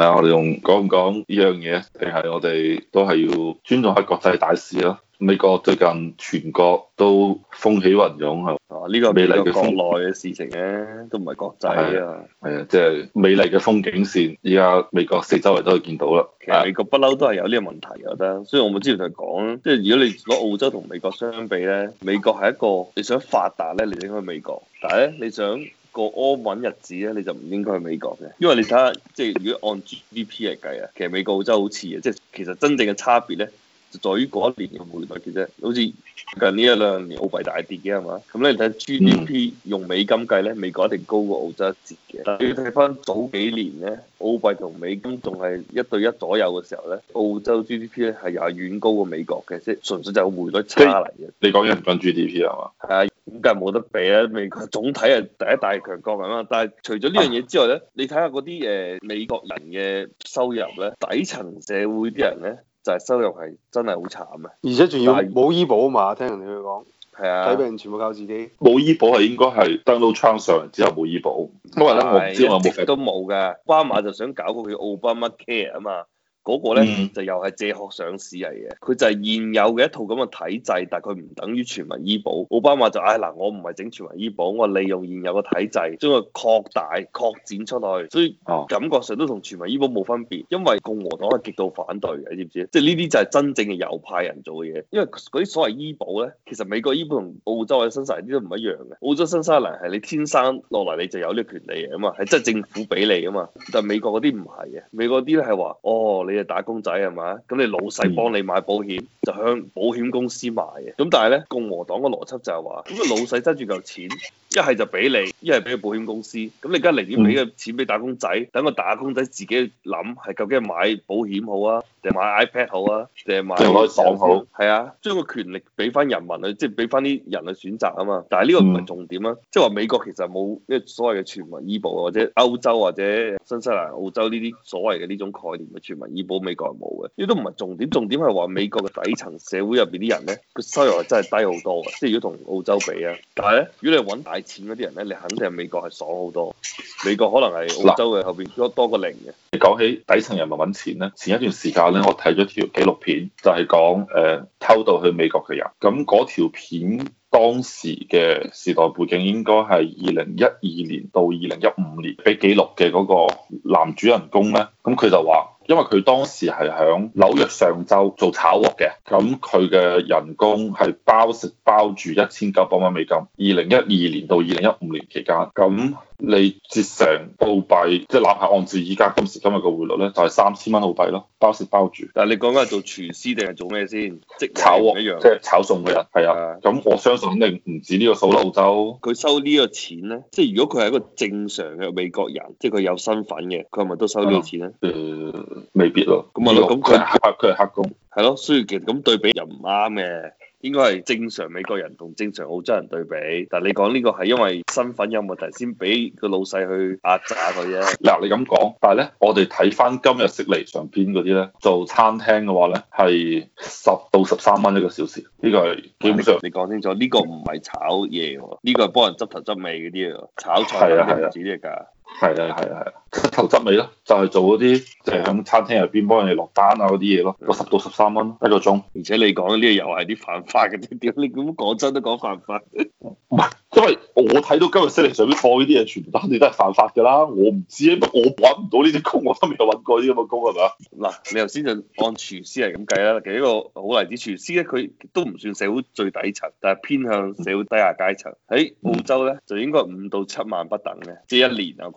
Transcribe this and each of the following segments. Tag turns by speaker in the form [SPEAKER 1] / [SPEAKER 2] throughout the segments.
[SPEAKER 1] 係我哋用講唔講呢樣嘢，定係我哋都係要尊重下國際大事咯。這個、美國最近全國都風起雲湧，係啊，呢、這個係美麗國內
[SPEAKER 2] 嘅事情嘅、啊，都唔係國際啊。係啊，即、
[SPEAKER 1] 這、係、個、美麗嘅風、啊就是、風景線，依家美國四
[SPEAKER 2] 周圍都可以見到啦。其實美國不嬲都係有呢個問題，我覺得。所以我咪之前就係講，即係如果你攞澳洲同美國相比咧，美國係一個你想發達咧，你應該去美國，但係咧你想，個安穩日子咧，你就唔應該去美國嘅，因為你睇下，即係如果按 GDP 嚟計啊，其實美國澳洲好似啊，即係其實真正嘅差別咧，就在於嗰一年嘅匯率嘅啫，好似近呢一兩年澳幣大跌嘅係嘛，咁咧睇 GDP 用美金計咧，美國一定高過澳洲一截嘅，你要睇翻早幾年咧，澳幣同美金仲係一對一左右嘅時候咧，澳洲 GDP 咧係又係遠高過美國嘅，即係純粹就係匯率差嚟嘅。嗯、你講嘢唔講 GDP 係嘛？係、啊。梗係冇得比啦，美國總體係第一大強國啊嘛！但係除咗呢樣嘢之外咧，你睇下嗰啲誒美國人嘅收入咧，底層社會啲人咧就係、是、收入係真係好慘是啊！而且仲要係冇醫保啊嘛，聽人哋佢講係啊，睇病全部靠自己，冇醫保係應該係
[SPEAKER 1] Donald Trump 上嚟之後冇醫保，啊、因為咧我唔知
[SPEAKER 2] 都冇㗎。巴馬就想搞個佢奧巴馬 Care 啊嘛。嗰個咧就又係借殼上市嚟嘅，佢就係現有嘅一套咁嘅體制，但係佢唔等於全民醫保。奧巴馬就嗌：哎「嗱，我唔係整全民醫保，我利用現有嘅體制將佢擴大擴展出去，所以感覺上都同全民醫保冇分別。因為共和黨係極度反對嘅，你知唔知即係呢啲就係真正嘅右派人做嘅嘢，因為嗰啲所謂醫保咧，其實美國醫保同澳洲或者新西蘭啲都唔一樣嘅。澳洲新西蘭係你天生落嚟你就有呢個權利嘅嘛，係真係政府俾你啊嘛，但係美國嗰啲唔係嘅，美國啲咧係話哦你係打工仔係嘛？咁你老細幫你買保險，嗯、就向保險公司買嘅。咁但係咧，共和黨嘅邏輯就係話：咁啊老細揸住嚿錢，一係就俾你，一係俾個保險公司。咁你而家寧願俾個錢俾打工仔，等、嗯、個打工仔自己去諗，係究竟買保險好啊，定買 iPad 好啊，定買房好？係啊，將個、啊、權力俾翻人民啊，即係俾翻啲人去選擇啊嘛。但係呢個唔係重點啊，即係話美國其實冇呢個所謂嘅全民醫保，或者歐洲或者新西蘭、澳洲呢啲所謂嘅呢種概念嘅全民醫。保美國係冇嘅，呢都唔係重點。重點係話美國嘅底層社會入邊啲人咧，個收入係真係低好多嘅，即係如果同澳洲比啊。但係咧，如果你係揾大錢嗰啲人咧，你肯定係美國係爽好多。
[SPEAKER 1] 美國可能係澳洲
[SPEAKER 2] 嘅後邊多多個零嘅。
[SPEAKER 1] 你講起底層人民揾錢咧，前一段時間咧，我睇咗條紀錄片，就係、是、講誒、呃、偷渡去美國嘅人。咁嗰條片當時嘅時代背景應該係二零一二年到二零一五年俾記錄嘅嗰個男主人公咧，咁佢就話。因為佢當時係響紐約上州做炒鑊嘅，咁佢嘅人工係包食包住一千九百蚊美金，二零一二年到二零一五年期間，咁。你折成澳幣，即係哪怕按照依家今時今日個匯率咧，就係三千蚊澳幣咯，包食包住。但係，你講緊係做廚師定係做咩先？即
[SPEAKER 2] 炒房一樣，即係炒餸嘅、就是、人，係啊。咁、啊、我相信肯定唔
[SPEAKER 1] 止呢個數啦，
[SPEAKER 2] 澳洲。佢收呢個錢咧，即係如果佢係一個正常嘅美國人，即係佢有身份嘅，佢係咪都收呢個錢
[SPEAKER 1] 咧？誒、啊呃，未必咯。咁啊就，咁佢佢係黑工。
[SPEAKER 2] 係咯、啊，所以其實咁對比又唔啱嘅。應該係正常美國人同正常澳洲人對比，但係你講呢個係因為
[SPEAKER 1] 身份有問題先俾個老細去壓榨佢啫。嗱，你咁講，但係咧，我哋睇翻今日食嚟上邊嗰啲咧，做餐廳嘅話咧，係十到十三蚊一個小時，呢個係基本上，你講清楚，呢個唔係炒嘢喎，呢個係幫人執頭執尾嗰啲啊，炒菜係唔止呢價。係啊係啊係啊，執頭執尾咯，就係做嗰啲就係喺餐廳入邊幫人哋落單啊嗰啲嘢咯，十到十三蚊一個鐘，而且你講呢啲又係啲犯法嘅，點點你咁講真都講犯法？唔係，因為我睇到今日新聞上邊放呢啲嘢，全部都肯定都係犯法㗎啦。我唔知啊，我揾唔到呢啲工，我都未有揾過啲咁嘅工係咪？嗱，
[SPEAKER 2] 你頭先就按廚師係咁計啦，其實一個好例子，廚師咧佢都唔算社會最底層，但係偏向社會低下階層。喺澳洲咧就應該五到七萬不等嘅，即係一年啊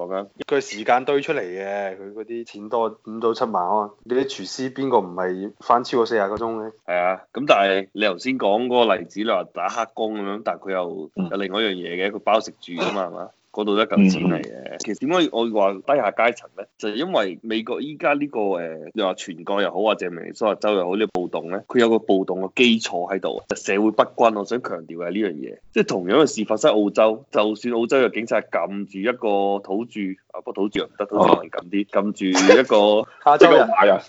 [SPEAKER 2] 佢時間堆出嚟嘅，佢嗰啲錢多五到七萬啊！你啲廚師邊個唔係翻超過四廿個鐘嘅？係啊，咁但係你頭先講嗰個例子，你話打黑工咁樣，但係佢又有另外一樣嘢嘅，佢包食住㗎嘛，係嘛？嗰度一嚿錢嚟嘅，嗯、其實點解我話低下階層咧？就係、因為美國依家呢個誒，又、呃、話全國又好，話淨明尼蘇達州又好，呢、呢個暴動咧，佢有個暴動嘅基礎喺度，就社會不均。我想強調係呢樣嘢，即係同樣嘅事發生澳洲，就算澳洲嘅警察撳住一個土著，啊，不土著唔得，都可能撳啲撳住一個亞洲 人，係 啊，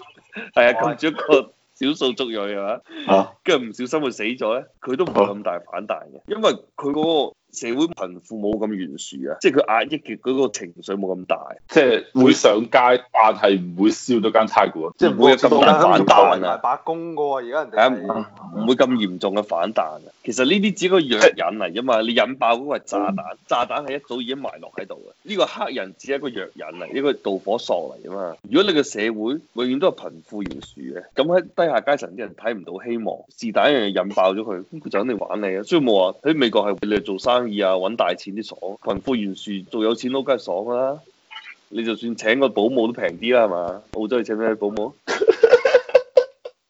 [SPEAKER 2] 撳住一個少數族裔係嘛，跟住唔小心會死咗咧，佢都唔會咁大反彈嘅，因為佢嗰、嗰個。社會貧富冇咁
[SPEAKER 1] 懸殊啊，即係佢壓抑嘅嗰個情緒冇咁大，即係會上街，但係唔會燒到間太古，即係唔會有咁大反彈啊。白雲大罷
[SPEAKER 2] 工嘅而家唔會咁嚴重嘅反彈啊。其實呢啲只係個藥引嚟啫嘛， 你引爆嗰個係炸彈，炸彈係一早已經埋落喺度嘅。呢、呢個黑人只係一個藥引嚟，呢個導火索嚟啊嘛。如果你個社會永遠都係貧富懸殊嘅，咁喺低下階層啲人睇唔到希望，是但一樣嘢引爆咗佢，咁佢就肯定玩你啊。所以冇話喺美國係你做生。二啊，揾大錢啲爽，貧富懸殊，做有錢佬梗係爽啦！你就算請個保姆都平啲啦，係嘛？澳洲你請唔請保姆？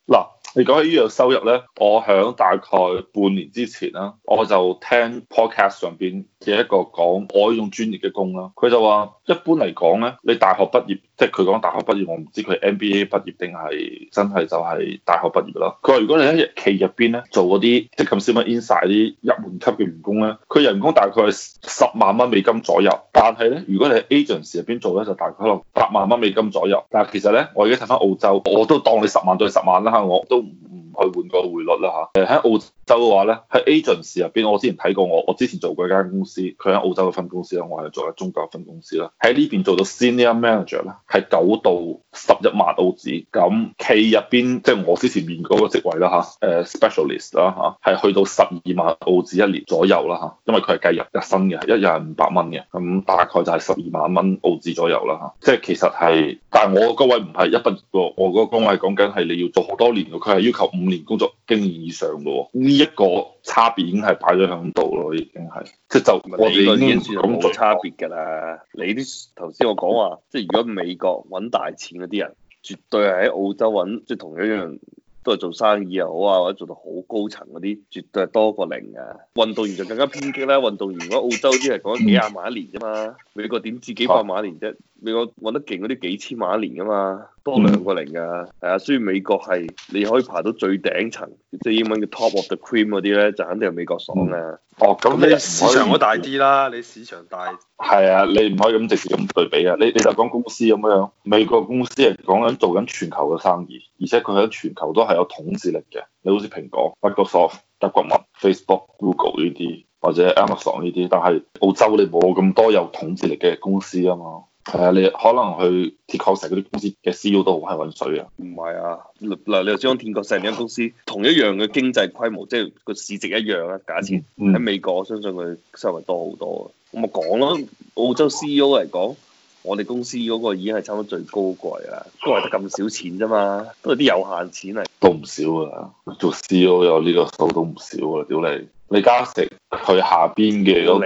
[SPEAKER 1] 嗱， 你講起呢樣收入咧，我響大概半年之前啦，我就聽 podcast 上邊嘅一個講我用專業嘅工啦，佢就話，一般嚟講咧，你大學畢業，即係佢講大學畢業，我唔知佢 NBA 畢業定係真係就係大學畢業咯。佢話如果你喺日企入邊咧做嗰啲即係咁小麥 i n s i d e 啲入門級嘅員工咧，佢人工大概十萬蚊美金左右。但係咧，如果你喺 agent 時入邊做咧，就大概可能八萬蚊美金左右。但係其實咧，我而家睇翻澳洲，我都當你十萬對十萬啦，我都唔。去換個匯率啦嚇。誒、啊、喺澳洲嘅話咧，喺 agency 入邊，我之前睇過我我之前做過一間公司，佢喺澳洲嘅分公司咧，我係做咗中國分公司啦。喺呢邊做 Sen manager, 到 senior manager 咧，係九到十一萬澳紙。咁佢入邊即係我之前面嗰個職位啦嚇。誒 specialist 啦吓，係、啊、去到十二萬澳紙一年左右啦嚇、啊。因為佢係計入日薪嘅，一日五百蚊嘅，咁大概就係十二萬蚊澳紙左右啦嚇、啊。即係其實係，但係我嗰位唔係一分。我嗰個工位講緊係你要做好多年，佢係要求五。年工作經驗以上嘅喎、哦，呢一個差別已經係擺咗喺度咯，已經係即係就我哋已經有
[SPEAKER 2] 咁多差別㗎啦。你啲頭先我講話，嗯、即係如果美國揾大錢嗰啲人，絕對係喺澳洲揾，即係同一樣都係做生意又好啊，或者做到好高層嗰啲，絕對係多過零嘅、啊。運動員就更加偏激啦。運動員如果澳洲啲人講幾廿萬一年啫嘛，美國點知幾百萬一年啫？嗯嗯你我揾得勁嗰啲幾千萬一年噶嘛，多兩個零噶。係啊、嗯，雖然美國係你可以爬到最頂層，即係英文
[SPEAKER 1] 叫 top of the cream 嗰啲咧，就肯定係美國爽嘅。哦，咁那你市場你可大啲啦，嗯、你市場大。係啊，你唔可以咁直接咁對比啊。你你就講公司咁樣，美國公司係講緊做緊全球嘅生意，而且佢喺全球都係有統治力嘅。你好似蘋果、Microsoft、甲骨文、Facebook、Google 呢啲，或者 Amazon 呢啲，但係澳洲你冇咁多有統治力嘅公司啊嘛。係啊，你可能去鐵礦石嗰啲公司嘅 C E O 都好係揾水啊！
[SPEAKER 2] 唔係啊，嗱，你又將鐵礦石呢間公司同一樣嘅經濟規模，即係個市值一樣啊。假設喺美國，嗯、我相信佢收入多好多啊。咁咪講咯，澳洲 C E O 嚟講，我哋公司嗰個已經係差唔多最高貴啊，都係得咁少錢啫嘛，都係啲有限錢嚟。
[SPEAKER 1] 都唔少，都唔少啊！做 C E O 有呢個數都唔少啊！屌 CEO, 你，李嘉誠佢下邊嘅嗰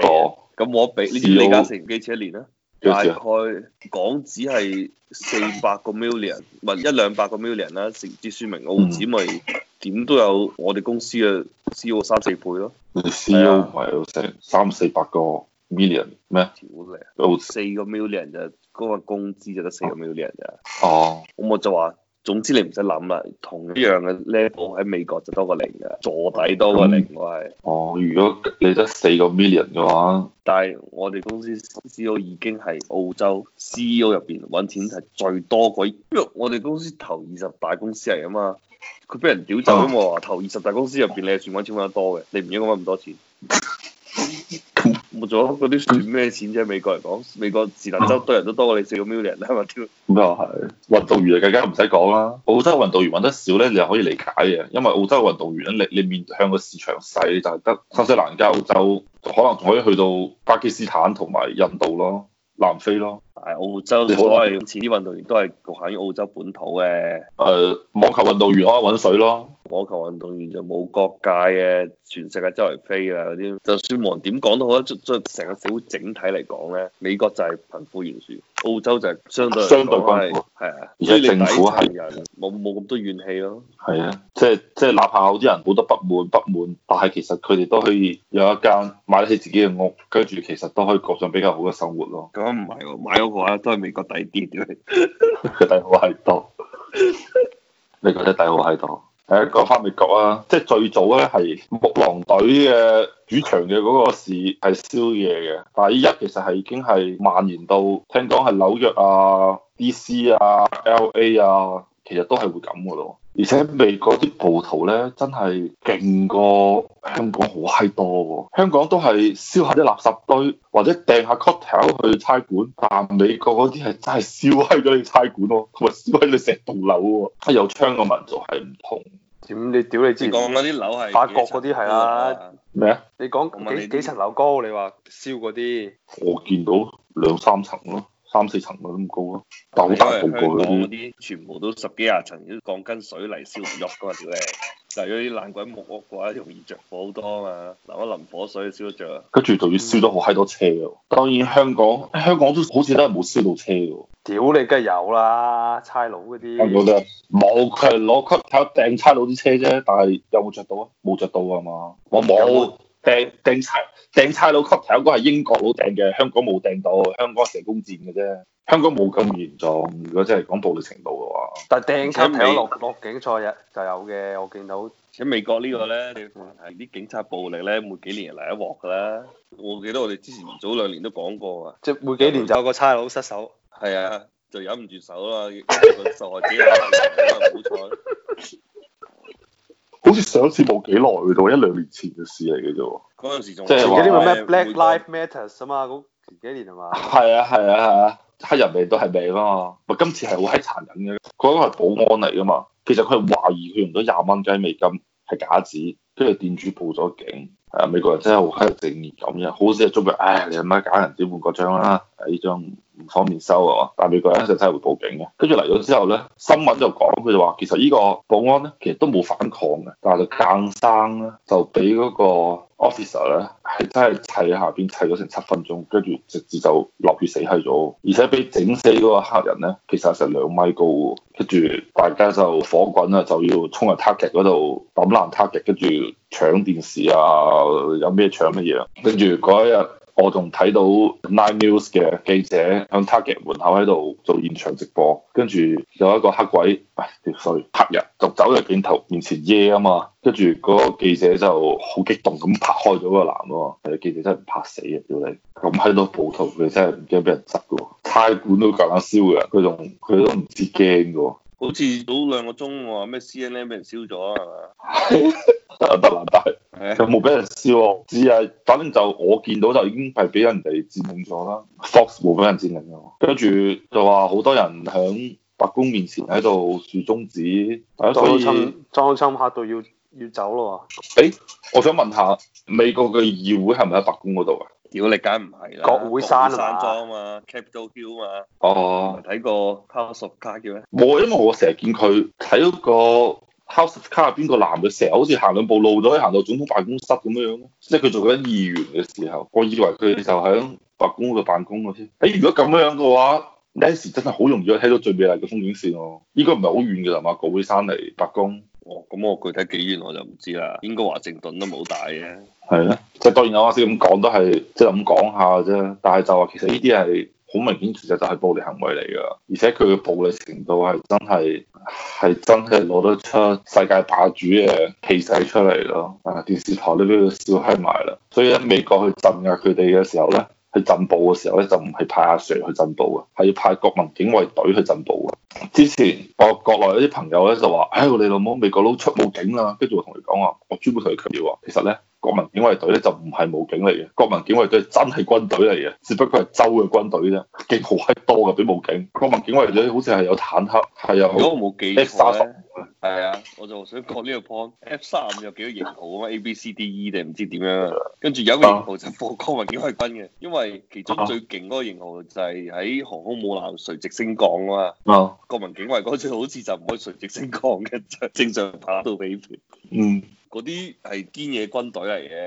[SPEAKER 1] 個，咁我俾呢啲李嘉
[SPEAKER 2] 誠幾錢一年啊？大概港紙係、嗯啊、四,四百個 million，唔係一兩百個 million 啦。成啲說明澳紙咪點都有我哋公司嘅 CO 三四倍咯。
[SPEAKER 1] 你哋 CO 唔係有成三四百個 million 咩、啊？好靚有
[SPEAKER 2] 四個 million 就嗰份工資就得四個 million
[SPEAKER 1] 咋。
[SPEAKER 2] 哦，咁我就話。總之你唔使諗啦，同一樣嘅 level 喺美國就多過零嘅，坐底多過零、嗯、我係是。哦，
[SPEAKER 1] 如果你得四個 million 嘅話，
[SPEAKER 2] 但係我哋公司 CEO 已經係澳洲 CEO 入邊揾錢係最多鬼，因為我哋公司頭二十大公司嚟啊嘛，佢俾人屌走啊嘛， 頭二十大公司入邊你係算揾錢揾得多嘅，你唔應該揾咁多錢。 冇咗嗰啲算咩錢啫？美國嚟講，美國自利州都人都多過你四個 million 啦嘛。咁
[SPEAKER 1] 又係運動員更加唔使講啦。澳洲運動員揾得少咧，你又可以理解嘅，因為澳洲運動員咧，你你面向個市場細，就係得新西蘭加澳洲，可能仲可以去到巴基斯坦同埋印度咯、南非咯。係澳洲，你好似啲運動員都係局
[SPEAKER 2] 限於澳洲本土嘅。誒、
[SPEAKER 1] 嗯，網球運動員可以揾水咯。
[SPEAKER 2] 網球運動員就冇國界嘅，啊，全世界周圍飛啊嗰啲。就算冇人點講都好，即即成個社會整體嚟講咧，美國就係貧富懸殊，澳洲就係相對相對均富，係啊，而且政府係
[SPEAKER 1] 冇冇咁多怨氣咯。係啊，即即哪怕有啲人好多不滿不滿，但係其實佢哋都可以有一間買得起自己嘅屋，跟住其實都可以過上比較好嘅生活咯。咁唔係喎，買屋嘅話都係美國抵啲啲，抵好喺度。你覺得抵好喺度？ 哎講返美國啊！即係最早咧係木狼隊嘅主場嘅嗰個市係宵夜嘅，但係依家其實係已經係蔓延到聽講係紐約啊、D C 啊、L A 啊，其實都係會咁嘅咯。而且美國啲暴徒咧，真係勁過香港好嗨多喎。香港都係燒下啲垃圾堆，或者掟下 cocktail 去差館，但美國嗰啲係真係燒嗨咗你差館咯，同埋燒閪你成棟樓喎。有窗嘅民族係唔同。點你屌你知？之前講嗰啲樓係法國嗰啲係啊？咩啊麼？
[SPEAKER 2] 你講幾問你幾層樓高你？你話燒嗰啲？
[SPEAKER 1] 我見到兩三層咯。三四層咪都咁高咯，但係香港嗰啲
[SPEAKER 2] 全部都十幾廿層，啲鋼筋水泥燒唔喐噶嘛，屌你，就嗰啲爛鬼木屋嘅話，容易着火好多啊嘛，淋一淋火水燒得着
[SPEAKER 1] 啊。跟住仲要燒到好閪多車，當然香港、嗯、香港，香港好都好似都係冇燒到車喎，屌你，梗係有啦，差佬嗰啲，冇，佢係攞屈睇掟差佬啲車啫，但係有冇着到啊？冇着到啊嘛，我冇。有訂訂差訂差佬 cut，有個係英國佬訂嘅，香港冇訂到，香港成功戰嘅啫。香港冇咁嚴重，如果真係講暴力程度嘅話，但係訂差停在落
[SPEAKER 2] 落警賽日就有嘅，我見到。喺美國個呢個咧，係啲、嗯、警察暴力咧，每幾年嚟一鑊噶啦。我記得我哋之前早兩年都講過啊，即係每幾年就有個差佬失手，係啊，就忍唔住手啦，個受害者。
[SPEAKER 1] 上次冇幾耐，到一兩年前嘅事嚟嘅啫。嗰陣時
[SPEAKER 2] 仲即係話咩 Black Lives Matter 啊嘛，嗰前
[SPEAKER 1] 幾年啊嘛。係啊係啊係啊，黑人命都係命啊嘛。咪今次係好閪殘忍嘅，嗰個係保安嚟噶嘛。其實佢係懷疑佢用咗廿蚊雞美金係假紙，跟住店主報咗警。啊，美國人真係好閪正義感嘅，好死就捉佢。唉、哎，你阿媽假銀紙換個張啦、啊，呢張。唔方便收啊嘛，但美國人就真係會報警嘅。跟住嚟咗之後咧，新聞就講，佢就話，其實呢個保安咧，其實都冇反抗嘅，但係佢更生咧就俾嗰個 officer 咧係真係砌喺下邊砌咗成七分鐘，跟住直接就落血死喺咗。而且俾整死嗰個黑人咧，其實成兩米高喎。跟住大家就火滾喇，就要衝入 target 嗰度抌爛 target，跟住搶電視啊，有咩搶乜嘢啊。跟住嗰一日。我仲睇到 Nine News 嘅記者喺 Target 門口喺度做現場直播，跟住有一個黑鬼，誒，sorry，黑人就走入鏡頭面前耶啊、yeah、嘛，跟住嗰個記者就好激動咁拍開咗個男喎，其實記者真係唔怕死嘅，屌你咁喺度補圖，佢真係唔驚俾人執嘅喎，差館都夠膽燒嘅，佢仲佢都唔知驚嘅喎。好似早兩個鐘喎，咩 CNN 俾人燒咗係嘛？得啦得，就冇俾人燒？知啊，反正就我見到就已經係俾人哋佔領咗啦。Fox 冇俾人佔領啊，跟住就話好多人喺白宮面前喺度豎中指，多多所以
[SPEAKER 2] 裝親嚇到要要走咯。喎、
[SPEAKER 1] 欸。我想問下美國嘅議會係咪喺白宮嗰度啊？屌你
[SPEAKER 2] 梗唔係啦，
[SPEAKER 1] 國會山啊嘛 c a p i t a 嘛。嘛
[SPEAKER 2] 哦。睇個 House
[SPEAKER 1] 卡叫咩？冇，因為我成日見佢睇到個 House 卡入邊個男嘅，成日好似行兩步路就可以行到總統辦公室咁樣樣，即係佢做緊議員嘅時候，我以為佢就喺白宮度辦公嗰啲。誒、欸，如果咁樣嘅話，Nancy 真係好用咗睇到最美麗嘅風景線咯、哦。依個唔係好遠嘅啦嘛，國會山嚟白宮。哦，咁我具體幾遠我就唔知啦，應該話華盛頓都冇大嘅，係咧，即係當然我先咁講都係即係咁講下啫，但係就話其實呢啲係好明顯，其實就係暴力行為嚟噶，而且佢嘅暴力程度係真係係真係攞得出世界霸主嘅氣勢出嚟咯，啊電視台都俾佢笑閪埋啦，所以喺美國去鎮壓佢哋嘅時候咧。去鎮暴嘅時候呢，就唔係派阿 Sir 去鎮暴嘅，係要派國民警衛隊去鎮暴嘅。之前我國內有啲朋友呢，就話，哎，我哋老母美國佬出武警啦。跟住我同佢講話，我專門同佢強調，其實呢，國民警衛隊咧就唔係武警嚟嘅，國民警衛隊真係軍隊嚟嘅，只不過係州嘅軍隊啫，勁好閪多噶比武警。國民警衛隊好似係有坦克，係啊，如果我冇記錯咧，
[SPEAKER 2] 係、嗯、啊，我就想講呢個 point，F 三有幾多型號啊？A B C D E 定唔知點樣？跟住有一個型號就放國民警衛軍嘅，因為其中最勁嗰個型號就係喺航空母艦垂直，直升降啊嘛。國民警衛嗰出好似就唔可以垂直升降嘅，就正常爬到尾端。嗯。嗰啲係堅嘢軍隊嚟嘅。